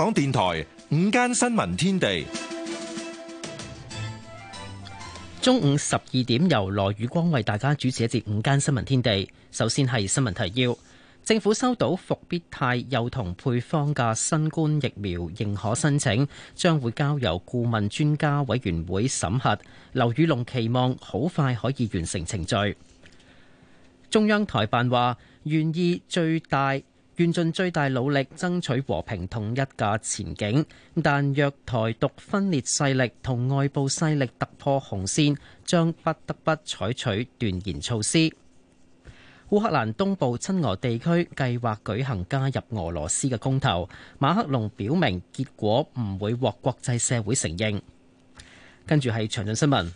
香港電台午間新聞天地，中午十二點由羅宇光為大家主持一節午間新聞天地。首先係新聞提要：政府收到復必泰幼童配方嘅新冠疫苗認可申請，將會交由顧問專家委員會審核。劉宇龍期望好快可以完成程序。中央台辦話願意最大，願盡最大努力爭取和平統一嘅前景，但若台獨分裂勢力同外部勢力突破紅線，將不得不採取斷然措施。烏克蘭東部親俄地區計劃舉行加入俄羅斯嘅公投，馬克龍表明結果唔會獲國際社會承認。跟住係詳盡新聞。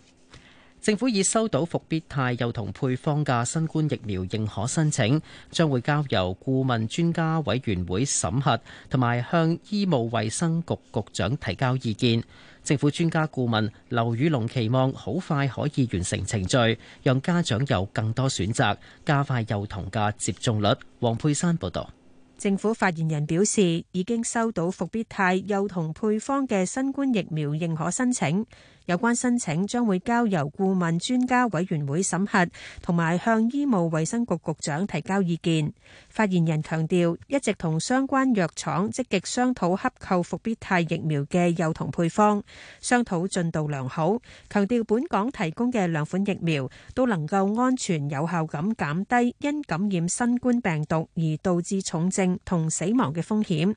政府已收到復必泰幼童配方嘅新冠疫苗認可申請，將會交由顧問專家委員會審核，同埋向醫務衛生局局長提交意見。政府專家顧問劉宇隆期望好快可以完成程序，讓家長有更多選擇，加快幼童嘅接種率。黃佩珊報導。政府發言人表示，已經收到復必泰幼童配方嘅新冠疫苗認可申請。有關申請將會交由顧問專家委員會審核，同埋向醫務衛生局局長提交意見。發言人強調，一直同相關藥廠積極商討洽購復必泰疫苗嘅幼童配方，商討進度良好。強調，本港提供嘅兩款疫苗都能夠安全有效，咁減低因感染新冠病毒而導致重症同死亡嘅風險。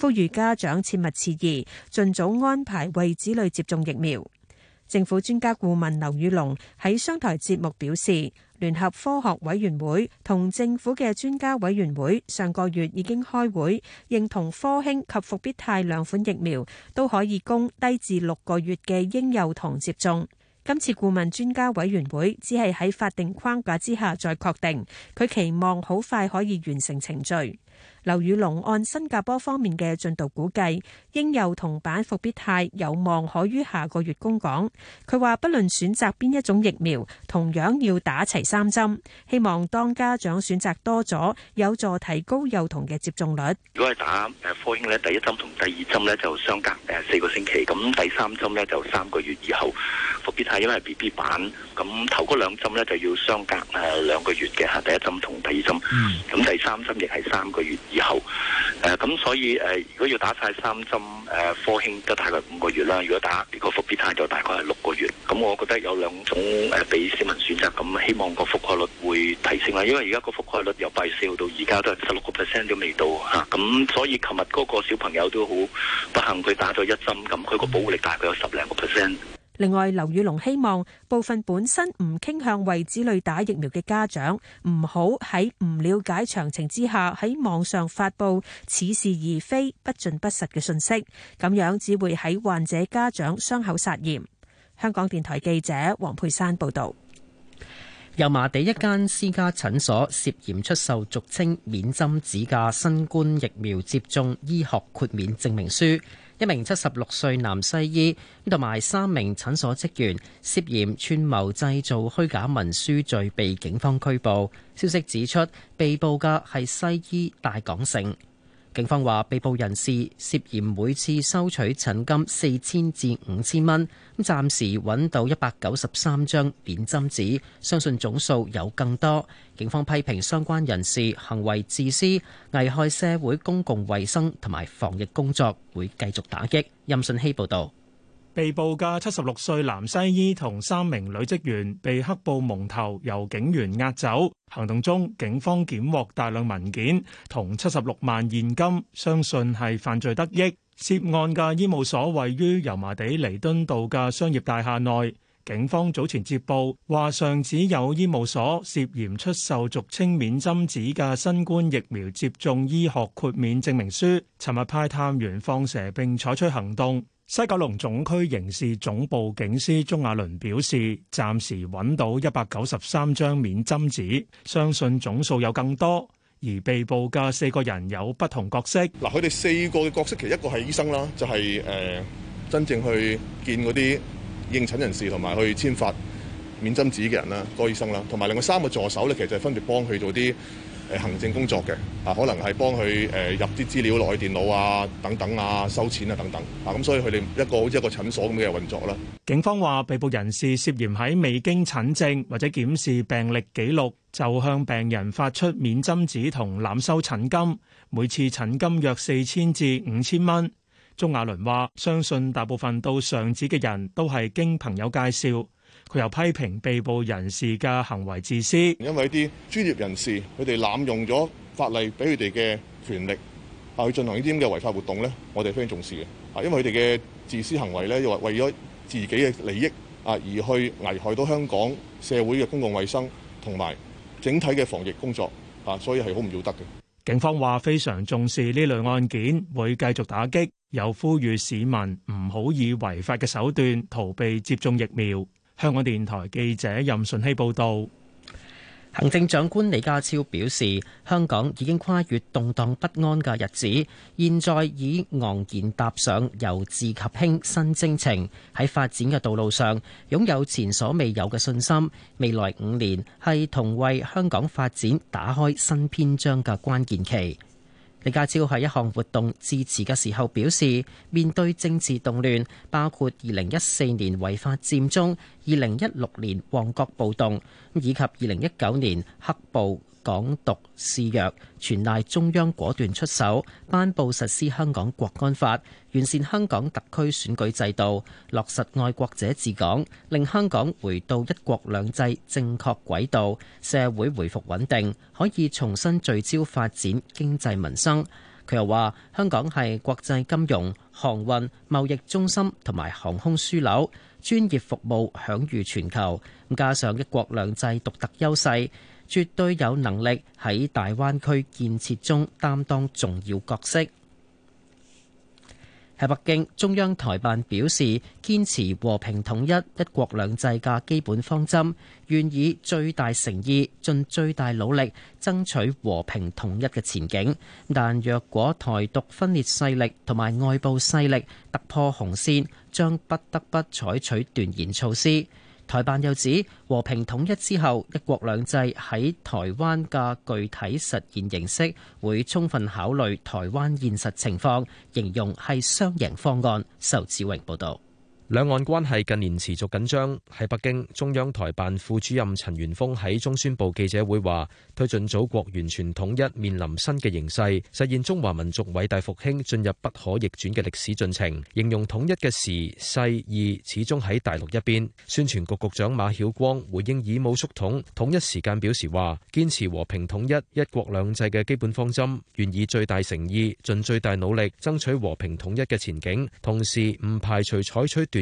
呼籲家長切勿遲疑，盡早安排為子女接種疫苗。政府專家顧問劉宇龍喺商台節目表示，聯合科學委員會同政府嘅專家委員會上個月已經開會，認同科興及復必泰兩款疫苗都可以供低至六個月嘅嬰幼童接種。今次顧問專家委員會只係喺法定框架之下再確定，佢期望好快可以完成程序。劉宇龍按新加坡方面嘅進度估計，嬰幼童版復必泰有望可於下個月供港。佢話不論選擇邊一種疫苗，同樣要打齊三針。希望當家長選擇多咗，有助提高幼童嘅接種率。如果係打誒科興咧，第一針同第二針咧就相隔誒四個星期，咁第三針咧就三個月以後。復必泰因為係 BB 版，咁頭嗰兩針咧就要相隔誒兩個月嘅吓，第一針同第二針，咁第三針亦係三個。月以後，誒、呃、咁所以誒、呃，如果要打晒三針，誒、呃、科興都大概五個月啦。如果打呢個復必泰就大概係六個月。咁我覺得有兩種誒俾、呃、市民選擇，咁希望個覆蓋率會提升啦。因為而家個覆蓋率由閉四到而家都係十六個 percent 都未到嚇。咁、啊、所以琴日嗰個小朋友都好不幸，佢打咗一針，咁佢個保護力大概有十零個 percent。另外，劉宇隆希望部分本身唔傾向為子女打疫苗嘅家長，唔好喺唔了解詳情之下喺網上發布似是而非、不盡不實嘅信息，咁樣只會喺患者家長傷口撒鹽。香港電台記者黃佩珊報導，油麻地一間私家診所涉嫌出售俗稱免針紙嘅新冠疫苗接種醫學豁免證明書。一名七十六歲男西醫，同埋三名診所職員涉嫌串謀製造虛假文書罪，被警方拘捕。消息指出，被捕嘅係西醫大港城。警方話，被捕人士涉嫌每次收取診金四千至五千蚊。暫時揾到一百九十三張扁針紙，相信總數有更多。警方批評相關人士行為自私，危害社會公共衛生同埋防疫工作，會繼續打擊。任信希報導。被捕嘅七十六歲男西醫同三名女職員被黑布蒙頭，由警員押走。行動中，警方檢獲大量文件同七十六萬現金，相信係犯罪得益。涉案嘅醫務所位於油麻地彌敦道嘅商業大廈內。警方早前接報，話上址有醫務所涉嫌出售俗稱免針紙嘅新冠疫苗接種醫學豁免證明書。尋日派探員放蛇，並採取行動。西九龍總區刑事總部警司鍾亞倫表示，暫時揾到一百九十三張免針紙，相信總數有更多。而被捕嘅四個人有不同角色嗱，佢哋四個嘅角色其實一個係醫生啦，就係誒真正去見嗰啲應診人士同埋去簽發免針紙嘅人啦，嗰個醫生啦，同埋另外三個助手咧，其實係分別幫佢做啲。係行政工作嘅，啊可能係幫佢誒入啲資料落去電腦啊，等等啊，收錢啊，等等，啊咁所以佢哋一個好似一個診所咁嘅運作啦。警方話被捕人士涉嫌喺未經診症或者檢視病歷記錄，就向病人發出免針紙同濫收診金，每次診金約四千至五千蚊。鍾亞倫話：相信大部分到上址嘅人都係經朋友介紹。佢又批評被捕人士嘅行為自私，因為啲專業人士佢哋濫用咗法例，俾佢哋嘅權力，啊去進行呢啲咁嘅違法活動呢，我哋非常重視嘅。啊，因為佢哋嘅自私行為呢，又為咗自己嘅利益啊而去危害到香港社會嘅公共衛生同埋整體嘅防疫工作啊，所以係好唔要得嘅。警方話非常重視呢類案件，會繼續打擊，又呼籲市民唔好以違法嘅手段逃避接種疫苗。香港電台記者任順希報道，行政長官李家超表示，香港已經跨越動盪不安嘅日子，現在已昂然踏上由治及興新征程。喺發展嘅道路上，擁有前所未有嘅信心。未來五年係同為香港發展打開新篇章嘅關鍵期。李家超喺一項活動致辭嘅時候表示，面對政治動亂，包括二零一四年違法佔中、二零一六年旺角暴動，以及二零一九年黑暴。港獨肆虐，全賴中央果斷出手，頒布實施香港國安法，完善香港特區選舉制度，落實愛國者治港，令香港回到一國兩制正確軌道，社會回復穩定，可以重新聚焦發展經濟民生。佢又話，香港係國際金融、航運、貿易中心同埋航空樞紐，專業服務享譽全球。加上一國兩制獨特優勢。絕對有能力喺大灣區建設中擔當重要角色。喺北京，中央台辦表示，堅持和平統一、一國兩制嘅基本方針，願以最大誠意、盡最大努力，爭取和平統一嘅前景。但若果台獨分裂勢力同埋外部勢力突破紅線，將不得不採取斷然措施。台辦又指，和平統一之後，一國兩制喺台灣嘅具體實現形式會充分考慮台灣現實情況，形容係雙贏方案。仇志榮報道。兩岸關係近年持續緊張，喺北京，中央台辦副主任陳元峰喺中宣部記者會話：推進祖國完全統一面臨新嘅形勢，實現中華民族偉大復興進入不可逆轉嘅歷史進程。形容統一嘅時勢，意始終喺大陸一邊。宣傳局局長馬曉光回應以武促統統一時間表示話：堅持和平統一、一國兩制嘅基本方針，願以最大誠意、盡最大努力爭取和平統一嘅前景，同時唔排除採取斷。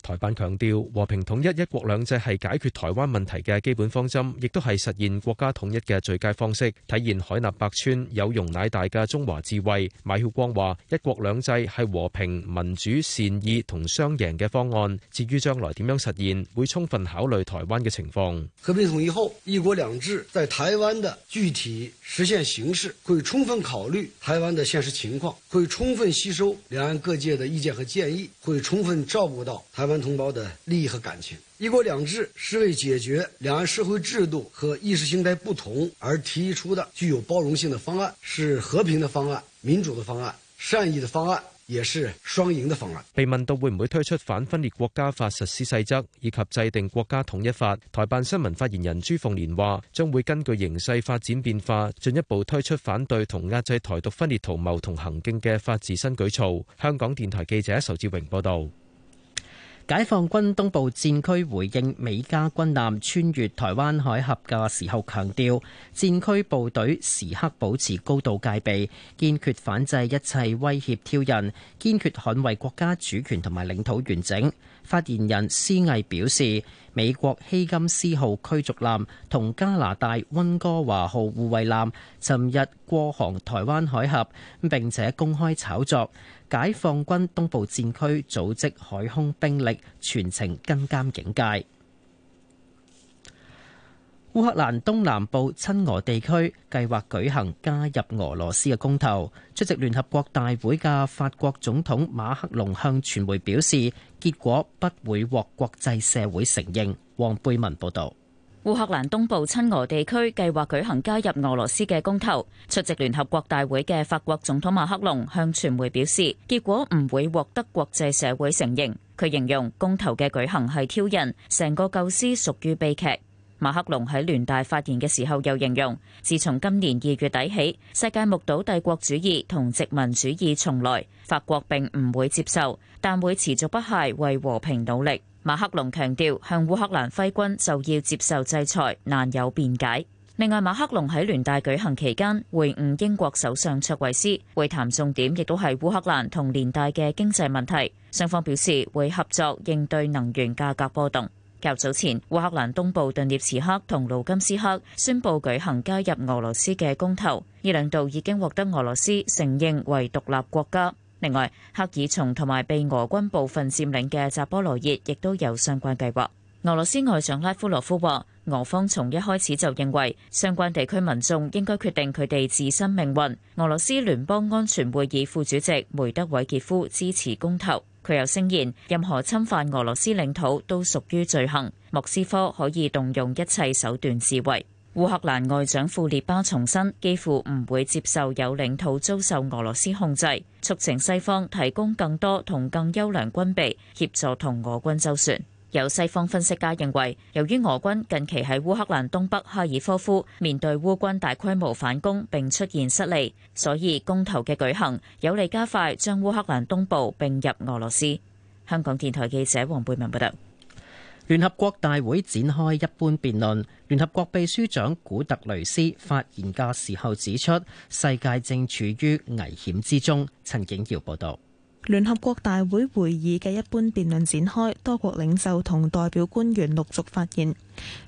台辦強調，和平統一、一國兩制係解決台灣問題嘅基本方針，亦都係實現國家統一嘅最佳方式，體現海納百川、有容乃大嘅中華智慧。馬曉光話：一國兩制係和平、民主、善意同雙贏嘅方案。至於將來點樣實現，會充分考慮台灣嘅情況。和平統一後，一國兩制在台灣的具體實現形式，會充分考慮台灣的現實情況，會充分吸收兩岸各界嘅意見和建議，會充分照顧到台灣。同胞的利益和感情，一國兩制是為解決兩岸社會制度和意識形態不同而提出的具有包容性的方案，是和平的方案、民主的方案、善意的方案，也是雙贏的方案。被問到會唔會推出反分裂國家法實施細則以及制定國家統一法，台辦新聞發言人朱鳳蓮話：將會根據形勢發展變化，進一步推出反對同壓制台獨分裂圖謀同行徑嘅法治新舉措。香港電台記者仇志榮報道。解放軍東部戰區回應美加軍艦穿越台灣海峽嘅時候強調，強調戰區部隊時刻保持高度戒備，堅決反制一切威脅挑釁，堅決捍衛國家主權同埋領土完整。發言人施毅表示。美國希金斯號驅逐艦同加拿大溫哥華號護衛艦尋日過航台灣海峽，並且公開炒作，解放軍東部戰區組織海空兵力全程跟監警戒。烏克蘭東南部親俄地區計劃舉行加入俄羅斯嘅公投。出席聯合國大會嘅法國總統馬克龍向傳媒表示，結果不會獲國際社會承認。黃貝文報道：烏克蘭東部親俄地區計劃舉行加入俄羅斯嘅公投。出席聯合國大會嘅法國總統馬克龍向傳媒表示，結果唔會獲得國際社會承認。佢形容公投嘅舉行係挑釁，成個構思屬於悲劇。馬克龍喺聯大發言嘅時候又形容，自從今年二月底起，世界目睹帝國主義同殖民主義重來，法國並唔會接受，但會持續不懈為和平努力。馬克龍強調，向烏克蘭揮軍就要接受制裁，難有辯解。另外，馬克龍喺聯大舉行期間會晤英國首相卓慧思，會談重點亦都係烏克蘭同聯大嘅經濟問題，雙方表示會合作應對能源價格波動。較早前，烏克蘭東部頓涅茨克同盧甘斯克宣布舉行加入俄羅斯嘅公投，呢兩度已經獲得俄羅斯承認為獨立國家。另外，赫爾松同埋被俄軍部分佔領嘅扎波羅熱亦都有相關計劃。俄羅斯外長拉夫羅夫話：俄方從一開始就認為，相關地區民眾應該決定佢哋自身命運。俄羅斯聯邦安全會議副主席梅德韋傑夫支持公投。佢又聲言，任何侵犯俄羅斯領土都屬於罪行。莫斯科可以動用一切手段自衛。烏克蘭外長庫列巴重申，幾乎唔會接受有領土遭受俄羅斯控制，促請西方提供更多同更優良軍備，協助同俄軍周旋。有西方分析家認為，由於俄軍近期喺烏克蘭東北哈爾科夫面對烏軍大規模反攻並出現失利，所以公投嘅舉行有利加快將烏克蘭東部並入俄羅斯。香港電台記者黃貝文報道。聯合國大會展開一般辯論，聯合國秘書長古特雷斯發言嘅時候指出，世界正處於危險之中。陳景堯報道。聯合國大會會議嘅一般辯論展開，多國領袖同代表官員陸續發言。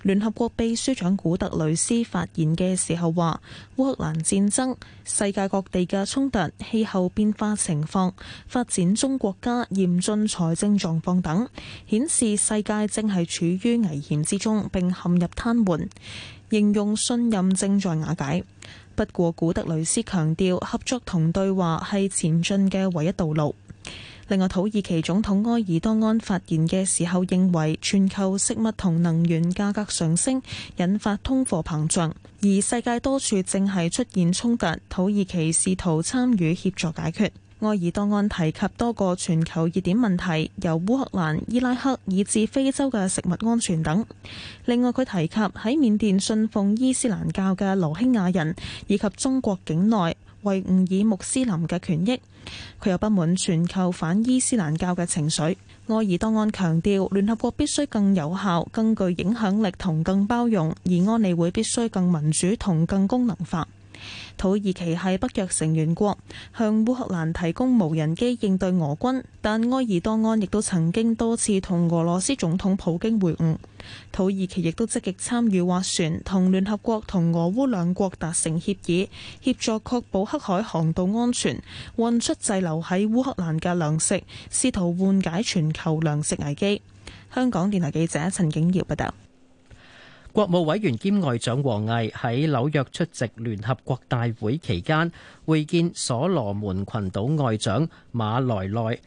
聯合國秘書長古特雷斯發言嘅時候話：烏克蘭戰爭、世界各地嘅衝突、氣候變化情況、發展中國家嚴峻財政狀況等，顯示世界正係處於危險之中，並陷入癱瘓，形容信任正在瓦解。不過，古德雷斯強調合作同對話係前進嘅唯一道路。另外，土耳其總統埃爾多安發言嘅時候認為，全球食物同能源價格上升引發通貨膨脹，而世界多處正係出現衝突，土耳其試圖參與協助解決。埃爾多安提及多個全球熱點問題，由烏克蘭、伊拉克以至非洲嘅食物安全等。另外，佢提及喺緬甸信奉伊斯蘭教嘅羅興亞人，以及中國境內維吾爾穆斯林嘅權益。佢又不滿全球反伊斯蘭教嘅情緒。埃爾多安強調，聯合國必須更有效、更具影響力同更包容，而安理會必須更民主同更功能化。土耳其係北約成員國，向烏克蘭提供無人機應對俄軍，但埃爾多安亦都曾經多次同俄羅斯總統普京會晤。土耳其亦都積極參與斡旋，同聯合國同俄烏兩國達成協議，協助確保黑海航道安全，運出滯留喺烏克蘭嘅糧食，試圖緩解全球糧食危機。香港電台記者陳景瑤報道。國務委員兼外長王毅喺紐約出席聯合國大會期間，會見所羅門群島外長馬內萊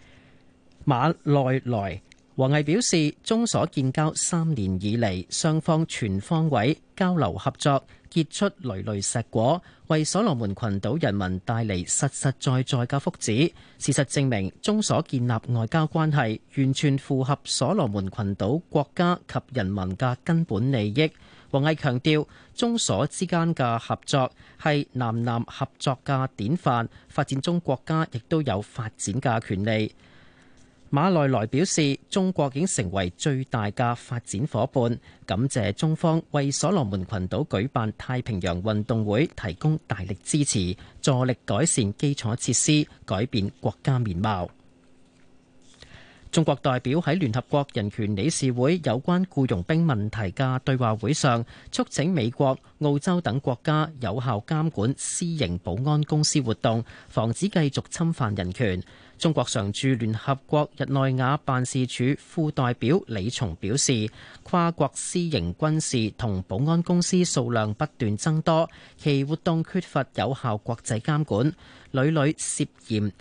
馬內萊。王毅表示，中所建交三年以嚟，雙方全方位交流合作，結出累累碩果，為所羅門群島人民帶嚟實實在在嘅福祉。事實證明，中所建立外交關係完全符合所羅門群島國家及人民嘅根本利益。王毅強調，中所之間嘅合作係南南合作嘅典範，發展中國家亦都有發展嘅權利。馬內萊表示，中國已經成為最大嘅發展夥伴，感謝中方為所羅門群島舉辦太平洋運動會，提供大力支持，助力改善基礎設施，改變國家面貌。中國代表喺聯合國人權理事會有關僱傭兵問題嘅對話會上，促請美國、澳洲等國家有效監管私營保安公司活動，防止繼續侵犯人權。中國常駐聯合國日內瓦辦事處副代表李松表示，跨國私營軍事同保安公司數量不斷增多，其活動缺乏有效國際監管，屢屢涉嫌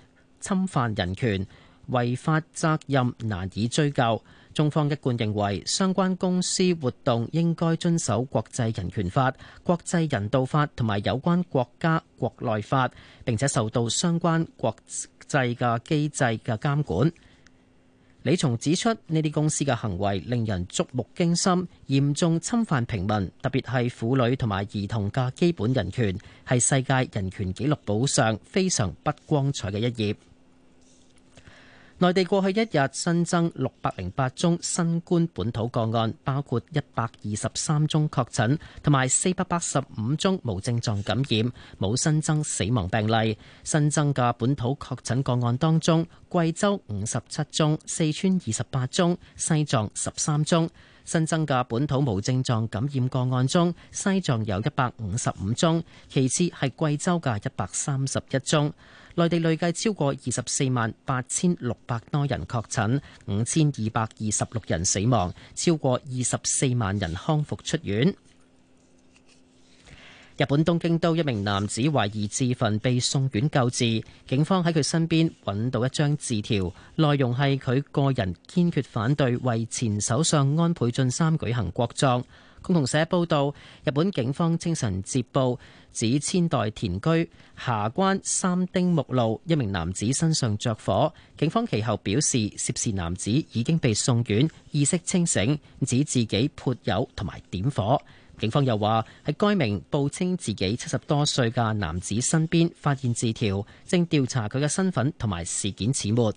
侵犯人權，違法責任難以追究。中方一貫認為，相關公司活動應該遵守國際人權法、國際人道法同埋有關國家國內法，並且受到相關國制嘅機制嘅監管。李松指出呢啲公司嘅行為令人觸目驚心，嚴重侵犯平民，特別係婦女同埋兒童嘅基本人權，係世界人權紀錄簿上非常不光彩嘅一頁。內地過去一日新增六百零八宗新冠本土個案，包括一百二十三宗確診，同埋四百八十五宗無症狀感染，冇新增死亡病例。新增嘅本土確診個案當中，貴州五十七宗，四川二十八宗，西藏十三宗。新增嘅本土無症狀感染個案中，西藏有一百五十五宗，其次係貴州嘅一百三十一宗。內地累計超過二十四萬八千六百多人確診，五千二百二十六人死亡，超過二十四萬人康復出院。日本東京都一名男子懷疑自焚，被送院救治。警方喺佢身邊揾到一張字條，內容係佢個人堅決反對為前首相安倍晉三舉行國葬。共同社報道，日本警方清晨接報，指千代田區、霞關三丁目路一名男子身上着火，警方其後表示，涉事男子已經被送院，意識清醒，指自己潑油同埋點火。警方又話，喺該名報稱自己七十多歲嘅男子身邊發現字條，正調查佢嘅身份同埋事件始末。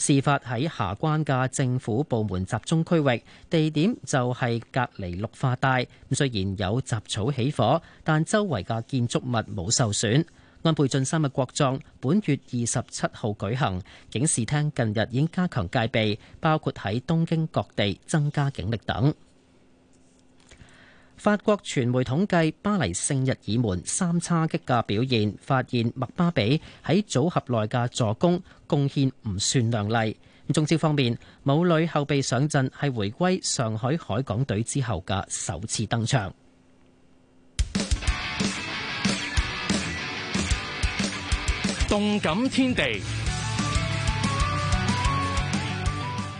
事發喺霞關嘅政府部門集中區域，地點就係隔離綠化帶。咁雖然有雜草起火，但周圍嘅建築物冇受損。安倍晉三嘅國葬本月二十七號舉行，警視廳近日已經加強戒備，包括喺東京各地增加警力等。法國傳媒統計巴黎聖日耳門三叉戟嘅表現，發現麥巴比喺組合內嘅助攻貢獻唔算亮麗。咁中超方面，母女後備上陣係回歸上海海港隊之後嘅首次登場。動感天地，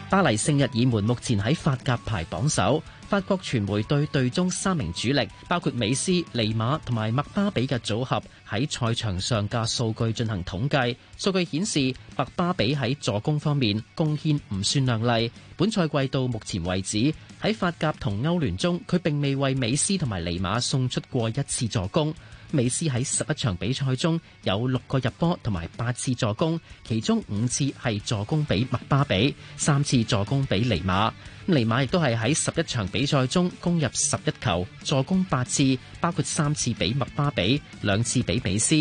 巴黎聖日耳門目前喺法甲排榜首。法國傳媒對隊中三名主力，包括美斯、尼馬同埋麥巴比嘅組合喺賽場上嘅數據進行統計。數據顯示，麥巴比喺助攻方面貢獻唔算亮麗。本賽季到目前為止，喺法甲同歐聯中，佢並未為美斯同埋尼馬送出過一次助攻。美斯喺十一場比賽中有六個入波同埋八次助攻，其中五次係助攻俾麥巴比，三次助攻俾尼馬。尼馬亦都係喺十一場比賽中攻入十一球，助攻八次，包括三次俾麥巴比，兩次俾美斯。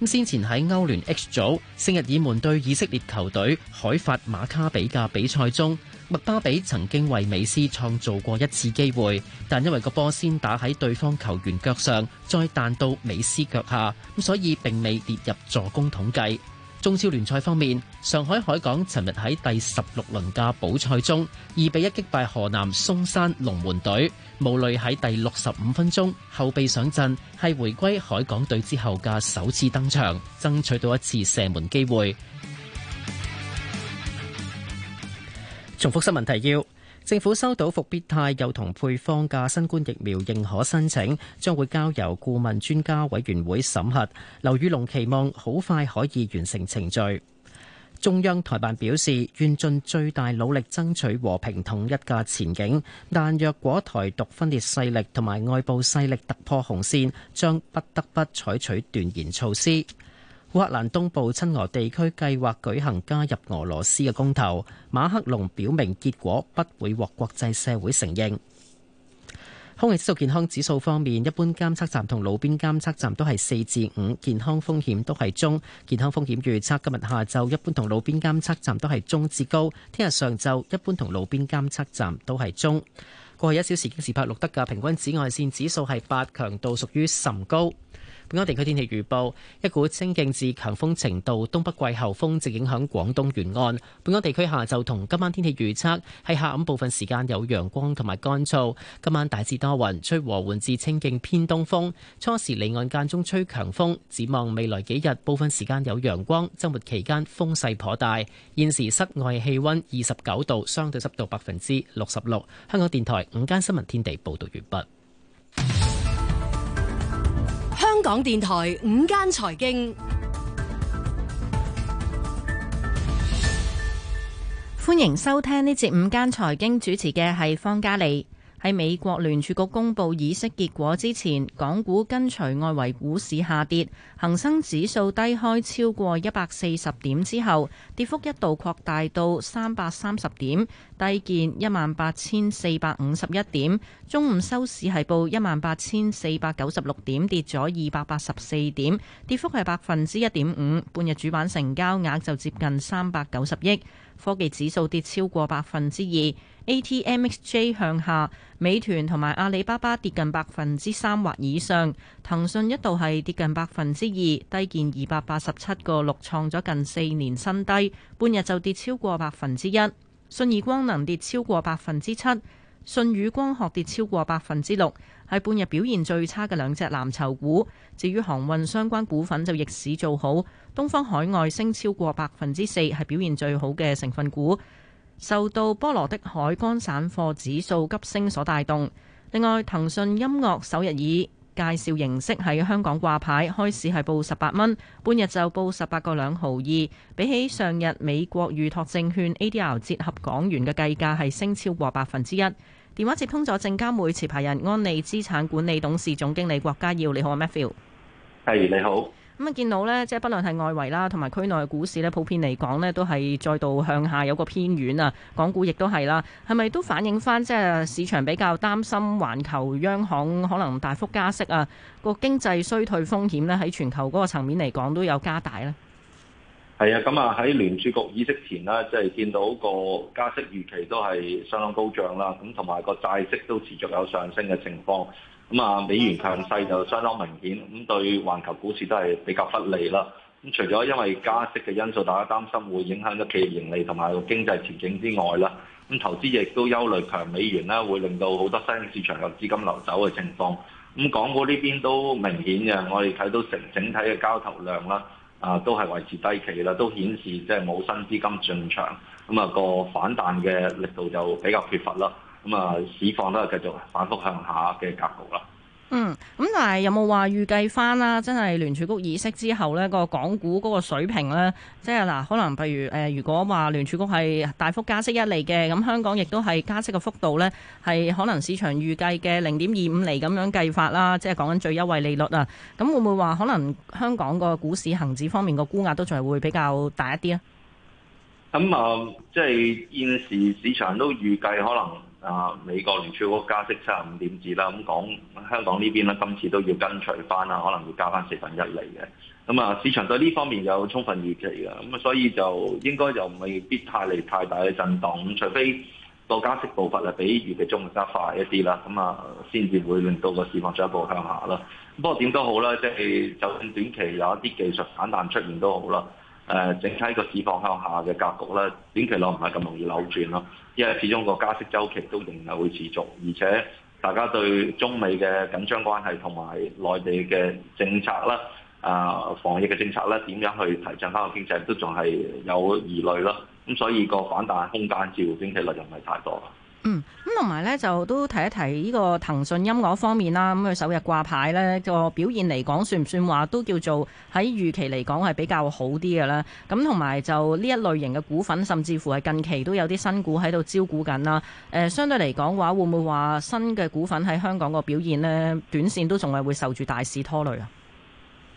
咁先前喺歐聯 H 組，聖日耳門對以色列球隊海法馬卡比嘅比賽中，麥巴比曾經為美斯創造過一次機會，但因為個波先打喺對方球員腳上，再彈到美斯腳下，咁所以並未列入助攻統計。中超聯賽方面，上海海港尋日喺第十六輪嘅補賽中，二比一擊敗河南嵩山龍門隊。武磊喺第六十五分鐘後備上陣，係回歸海港隊之後嘅首次登場，爭取到一次射門機會。重複新聞提要。政府收到復必泰幼童配方嘅新冠疫苗認可申請，將會交由顧問專家委員會審核。劉宇龍期望好快可以完成程序。中央台辦表示，願盡最大努力爭取和平統一嘅前景，但若果台獨分裂勢力同埋外部勢力突破紅線，將不得不採取斷然措施。烏克蘭東部親俄地區計劃舉行加入俄羅斯嘅公投，馬克龍表明結果不會獲國際社會承認。空氣質素健康指數方面，一般監測站同路邊監測站都係四至五，健康風險都係中。健康風險預測今日下晝一般同路邊監測站都係中至高，聽日上晝一般同路邊監測站都係中。過去一小時京士柏錄得嘅平均紫外線指數係八，強度屬於甚高。本港地區天氣預報：一股清勁至強風程度東北季候風直影響廣東沿岸。本港地區下晝同今晚天氣預測係下午部分時間有陽光同埋乾燥，今晚大致多雲，吹和緩至清勁偏東風，初時離岸間中吹強風。展望未來幾日，部分時間有陽光，周末期間風勢頗大。現時室外氣溫二十九度，相對濕度百分之六十六。香港電台午間新聞天地報道完畢。港電台午間財經，歡迎收聽呢節午間財經，主持嘅係方嘉莉。喺美國聯儲局公布議息結果之前，港股跟隨外圍股市下跌，恒生指數低開超過一百四十點之後，跌幅一度擴大到三百三十點，低見一萬八千四百五十一點。中午收市係報一萬八千四百九十六點，跌咗二百八十四點，跌幅係百分之一點五。半日主板成交額就接近三百九十億，科技指數跌超過百分之二。A.T.M.X.J 向下，美團同埋阿里巴巴跌近百分之三或以上，騰訊一度係跌近百分之二，低見二百八十七個六，創咗近四年新低，半日就跌超過百分之一。信義光能跌超過百分之七，舜宇光學跌超過百分之六，係半日表現最差嘅兩隻藍籌股。至於航運相關股份就逆市做好，東方海外升超過百分之四，係表現最好嘅成分股。受到波羅的海乾散貨指數急升所帶動。另外，騰訊音樂首日以介紹形式喺香港掛牌，開市係報十八蚊，半日就報十八個兩毫二，比起上日美國預託證券 ADR 折合港元嘅計價係升超過百分之一。電話接通咗證監會持牌人安利資產管理董事總經理郭家耀，你好啊 Matthew。係、hey, 你好。咁啊，見到呢，即係不論係外圍啦，同埋區內嘅股市呢，普遍嚟講呢，都係再度向下有個偏軟啊。港股亦都係啦，係咪都反映翻即係市場比較擔心環球央行可能大幅加息啊？個經濟衰退風險呢，喺全球嗰個層面嚟講都有加大呢？係啊，咁啊，喺聯儲局議息前呢，即係見到個加息預期都係相當高漲啦。咁同埋個債息都持續有上升嘅情況。咁啊、嗯，美元強勢就相當明顯，咁對環球股市都係比較不利啦。咁除咗因為加息嘅因素，大家擔心會影響咗企業盈利同埋個經濟前景之外啦，咁投資亦都憂慮強美元啦，會令到好多新市場有資金流走嘅情況。咁港股呢邊都明顯嘅，我哋睇到成整，整體嘅交投量啦，啊都係維持低企，啦，都顯示即係冇新資金進場，咁、那、啊個反彈嘅力度就比較缺乏啦。咁啊，市況都係繼續反覆向下嘅格局啦。嗯，咁但係有冇話預計翻啦？真係聯儲局議息之後呢、個港股嗰個水平呢？即係嗱，可能譬如誒、呃，如果話聯儲局係大幅加息一厘嘅，咁香港亦都係加息嘅幅度呢，係可能市場預計嘅零點二五厘咁樣計法啦。即係講緊最優惠利率啊。咁會唔會話可能香港個股市恆指方面個沽壓都仲係會比較大一啲、嗯、啊？咁啊，即係現時市場都預計可能。啊！美國聯儲局加息七十五點子啦，咁講香港呢邊咧，今次都要跟隨翻啦，可能會加翻四分一釐嘅。咁啊，市場對呢方面有充分預期嘅，咁啊，所以就應該就未必太嚟太大嘅震盪，除非個加息步伐係比預期中更加快一啲啦，咁啊，先至會令到個市況進一步向下啦。不過點都好啦，即係就算短期有一啲技術反彈出現都好啦。誒，整體個市況向下嘅格局啦，短期內唔係咁容易扭轉咯。因為始終個加息週期都仍然會持續，而且大家對中美嘅緊張關係同埋內地嘅政策啦，啊、呃、防疫嘅政策啦，點樣去提振翻個經濟，都仲係有疑慮咯。咁所以個反彈空間，照顧經濟力又唔係太多。嗯，咁同埋咧就都提一提呢個騰訊音樂方面啦，咁佢首日掛牌咧個表現嚟講，算唔算話都叫做喺預期嚟講係比較好啲嘅咧？咁同埋就呢一類型嘅股份，甚至乎係近期都有啲新股喺度招股緊啦、啊。誒、呃，相對嚟講話會唔會話新嘅股份喺香港個表現呢？短線都仲係會受住大市拖累啊？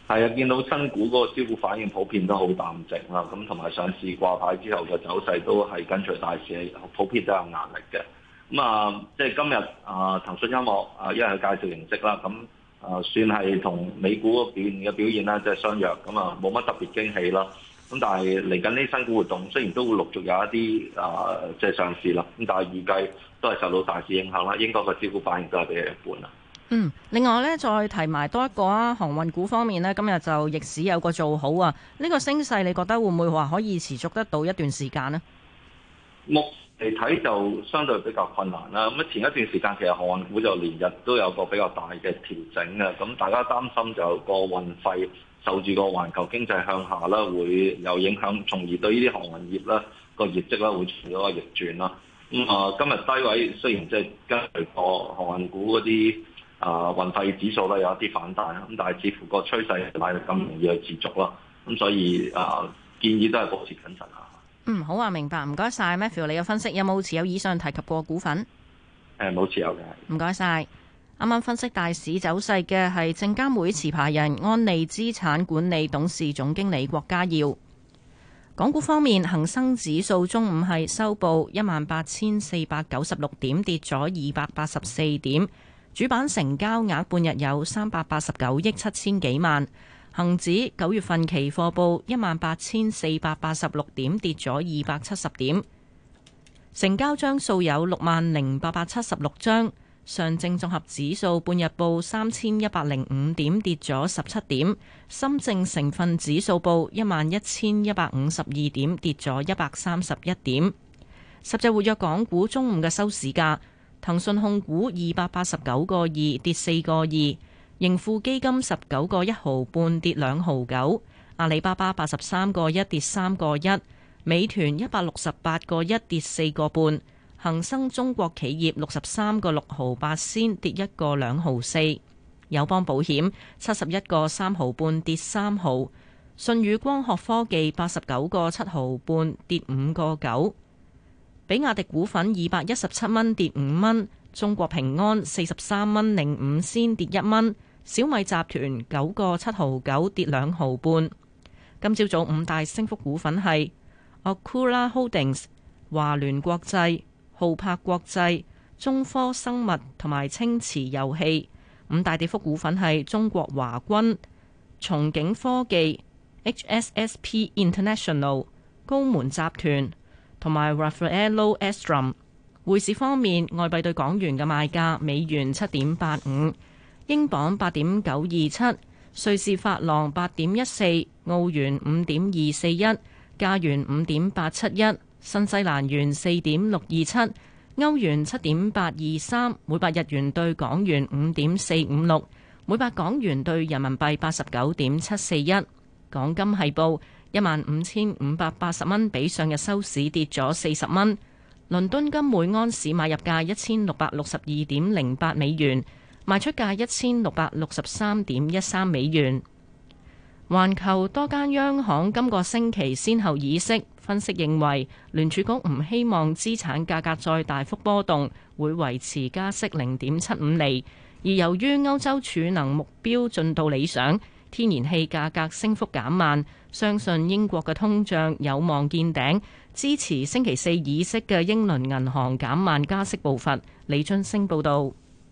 係啊，見到新股嗰個招股反應普遍都好淡靜啦，咁同埋上市掛牌之後嘅走勢都係跟隨大市，普遍都有壓力嘅。咁啊、呃，即係今日啊、呃，騰訊音樂啊、呃，因為係介紹形式啦，咁啊、呃，算係同美股嗰邊嘅表現啦，即係相若咁啊，冇乜特別驚喜咯。咁但係嚟緊啲新股活動，雖然都會陸續有一啲啊，即、呃、係、就是、上市啦，咁但係預計都係受到大市影響啦，應該個招股反應都係比較一般啦。嗯，另外咧，再提埋多一個啊，航運股方面咧，今日就逆市有個做好啊。呢、這個升勢，你覺得會唔會話可以持續得到一段時間呢？目前睇就相對比較困難啦。咁啊，前一段時間其實航運股就連日都有個比較大嘅調整嘅、啊。咁、嗯、大家擔心就個運費受住個環球經濟向下啦，會有影響，從而對呢啲航運業咧個業績咧會少咗個逆轉啦。咁啊，嗯、今日低位雖然即係跟隨個航運股嗰啲。啊，運費指數咧有一啲反彈，咁但係，似乎個趨勢係買得咁容易去持續啦？咁、嗯、所以啊，建議都係保持謹慎下。嗯，好啊，明白。唔該晒 Matthew 你嘅分析。有冇持有以上提及過股份？誒，冇持有嘅。唔該晒。啱啱分析大市走勢嘅係證監會持牌人安利資產管理董事總經理郭家耀。港股方面，恒生指數中午係收報一萬八千四百九十六點，跌咗二百八十四點。主板成交額半日有三百八十九億七千幾萬，恒指九月份期貨報一萬八千四百八十六點，跌咗二百七十點，成交張數有六萬零八百七十六張。上證綜合指數半日報三千一百零五點，跌咗十七點。深證成分指數報一萬一千一百五十二點，跌咗一百三十一點。十隻活躍港股中午嘅收市價。騰訊控股二百八十九個二跌四個二，盈富基金十九個一毫半跌兩毫九，阿里巴巴八十三個一跌三個一，美團一百六十八個一跌四個半，恒生中國企業六十三個六毫八先跌一個兩毫四，友邦保險七十一個三毫半跌三毫，舜宇光學科技八十九個七毫半跌五個九。比亞迪股份二百一十七蚊跌五蚊，中國平安四十三蚊零五仙跌一蚊，小米集團九個七毫九跌兩毫半。今朝早五大升幅股份係 Acula Holdings、華聯國際、浩柏國際、中科生物同埋青瓷遊戲。五大跌幅股份係中國華軍、松景科技、HSSP International、高門集團。同埋 Raffaello Astrum。匯市方面，外幣對港元嘅賣價：美元七點八五，英鎊八點九二七，瑞士法郎八點一四，澳元五點二四一，加元五點八七一，新西蘭元四點六二七，歐元七點八二三，每百日元對港元五點四五六，每百港元對人民幣八十九點七四一，港金係報。一萬五千五百八十蚊，15，比上日收市跌咗四十蚊。倫敦金每安士買入價一千六百六十二點零八美元，賣出價一千六百六十三點一三美元。環球多間央行今個星期先後議息，分析認為聯儲局唔希望資產價格再大幅波動，會維持加息零點七五厘。而由於歐洲儲能目標進度理想，天然氣價格升幅減慢。相信英國嘅通脹有望見頂，支持星期四議息嘅英倫銀行減慢加息步伐。李津升報道。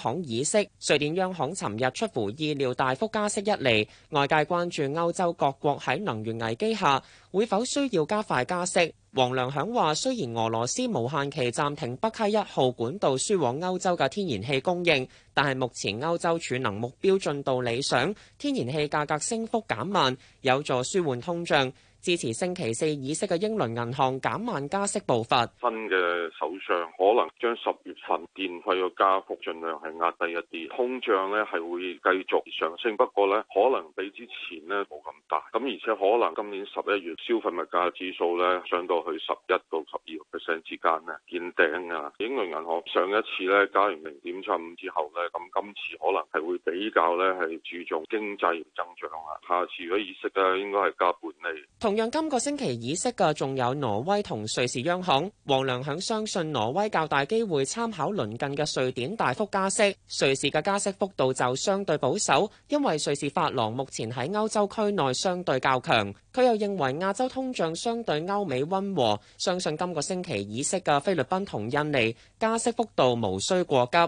行議息，瑞典央行尋日出乎意料大幅加息一釐，外界關注歐洲各國喺能源危機下會否需要加快加息。黃良響話：雖然俄羅斯無限期暫停北溪一號管道輸往歐洲嘅天然氣供應，但係目前歐洲儲能目標進度理想，天然氣價格升幅減慢，有助舒緩通脹。支持星期四議息嘅英倫銀行減慢加息步伐。新嘅首相可能將十月份電費嘅加幅盡量係壓低一啲。通脹咧係會繼續上升，不過咧可能比之前咧冇咁大。咁而且可能今年十一月消費物價指數咧上到去十一到十二個 percent 之間咧見頂啊！英倫銀行上一次咧加完零點七五之後咧，咁今次可能係會比較咧係注重經濟增長啊。下次如果議息咧應該係加半厘。同樣，今個星期議息嘅仲有挪威同瑞士央行。黃良響相信挪威較大機會參考鄰近嘅瑞典大幅加息，瑞士嘅加息幅度就相對保守，因為瑞士法郎目前喺歐洲區內相對較強。佢又認為亞洲通脹相對歐美温和，相信今個星期議息嘅菲律賓同印尼加息幅度無需過急。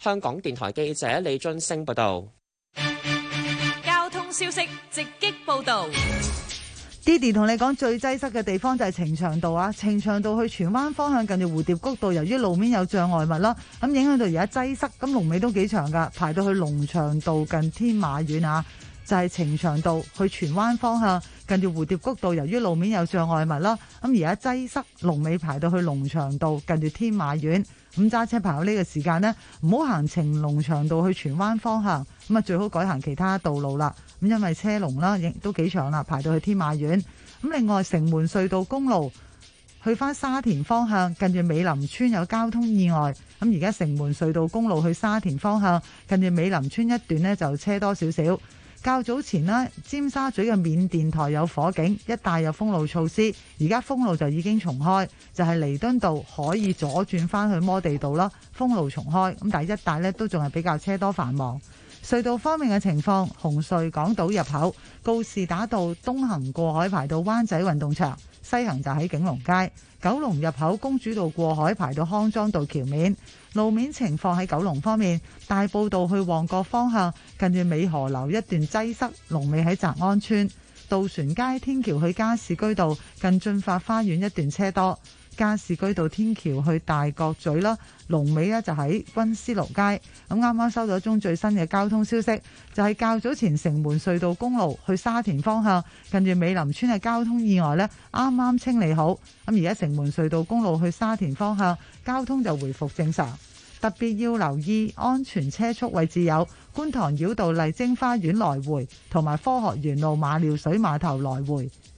香港電台記者李津升報道。交通消息直擊報道。Didi 同你講，最擠塞嘅地方就係呈祥道啊！呈祥道去荃灣方向近住蝴蝶谷道，由於路面有障礙物咯，咁影響到而家擠塞。咁龍尾都幾長㗎，排到去龍翔道近天馬苑啊！就係、是、呈祥道去荃灣方向近住蝴蝶谷道，由於路面有障礙物咯，咁而家擠塞，龍尾排到去龍翔道近住天馬苑。咁揸車排到呢個時間呢，唔好行呈龍翔道去荃灣方向，咁啊最好改行其他道路啦。咁因為車龍啦，亦都幾長啦，排到去天馬苑。咁另外城門隧道公路去翻沙田方向，近住美林村有交通意外。咁而家城門隧道公路去沙田方向，近住美林村一段呢，就車多少少。較早前呢，尖沙咀嘅緬甸台有火警，一帶有封路措施。而家封路就已經重開，就係彌敦道可以左轉翻去摩地道啦。封路重開，咁但係一帶呢，都仲係比較車多繁忙。隧道方面嘅情況，紅隧港島入口告士打道東行過海，排到灣仔運動場；西行就喺景隆街。九龍入口公主道過海，排到康莊道橋面。路面情況喺九龍方面，大埔道去旺角方向近住美河樓一段擠塞，龍尾喺澤安邨。渡船街天橋去加士居道近駿發花園一段車多。加士居道天橋去大角咀，龍尾就喺軍師路街。啱啱收咗宗最新嘅交通消息，就係較早前城門隧道公路去沙田方向，近住美林村嘅交通意外啱啱清理好，而家城門隧道公路去沙田方向，交通就回復正常。特別要留意安全車速位置有，觀塘繞道麗晶花園來回，同埋科學園路馬料水碼頭來回。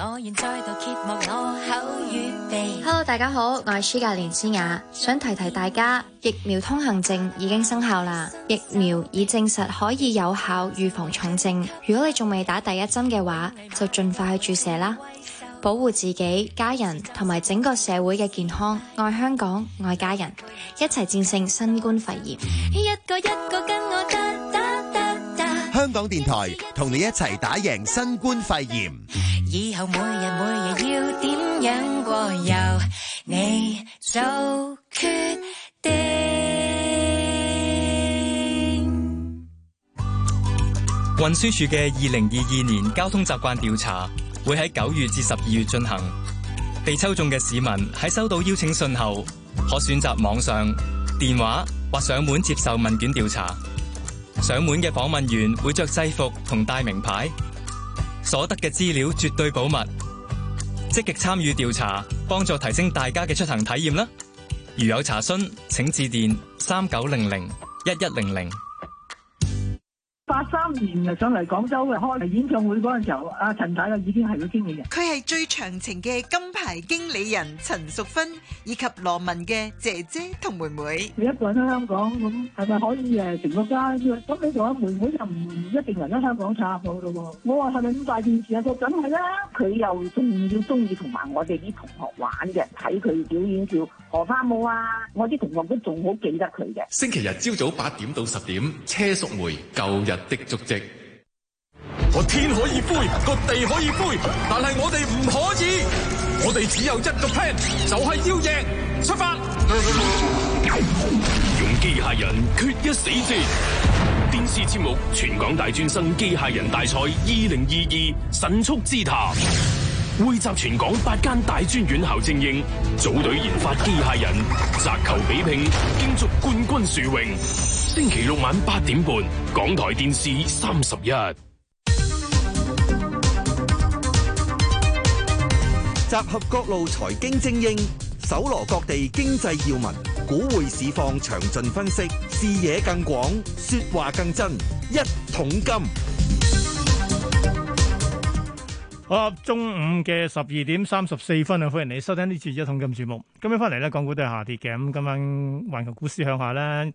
我 Hello，大家好，我係 Shiga 連詩雅，想提提大家，疫苗通行證已經生效啦，疫苗已證實可以有效預防重症。如果你仲未打第一針嘅話，就盡快去注射啦，保護自己、家人同埋整個社會嘅健康。愛香港，愛家人，一齊戰勝新冠肺炎。一個一個跟我打打打打，香港電台同你一齊打贏新冠肺炎。以後每日每日要點樣過，由你做決定。運輸署嘅二零二二年交通習慣調查會喺九月至十二月進行，被抽中嘅市民喺收到邀請信後，可選擇網上、電話或上門接受問卷調查。上門嘅訪問員會着制服同戴名牌。所得嘅資料絕對保密，積極參與調查，幫助提升大家嘅出行體驗啦！如有查詢，請致電三九零零一一零零。八三年就上嚟廣州嘅，開嚟演唱會嗰陣時候，阿陳太嘅已經係個經理人。佢係最長情嘅金牌經理人陳淑芬，以及羅文嘅姐姐同妹妹。你一個人喺香港咁，係咪可以誒成個家？咁你同阿妹妹又唔一定能喺香港插口咯喎。我話係咪咁大件事啊？佢梗係啦。佢又仲要中意同埋我哋啲同學玩嘅，睇佢表演叫荷花舞啊。我啲同學都仲好記得佢嘅。星期日朝早八點到十點，車淑梅舊日的足跡，個天可以灰，個地可以灰，但係我哋唔可以。我哋只有一個 plan，就係要贏。出發，用機械人決一死戰。電視節目《全港大專生機械人大賽》二零二二神速之談，匯集全港八間大專院校精英，組隊研發機械人，擲球比拼，競逐冠軍殊榮。星期六晚八點半，港台電視三十一，集合各路財經精英，搜羅各地經濟要聞，股匯市況詳盡分析，視野更廣，說話更真。一桶金，好，中午嘅十二點三十四分啊！歡迎你收聽呢次一桶金節目。今日翻嚟咧，港股都係下跌嘅，咁今晚環球股市向下咧。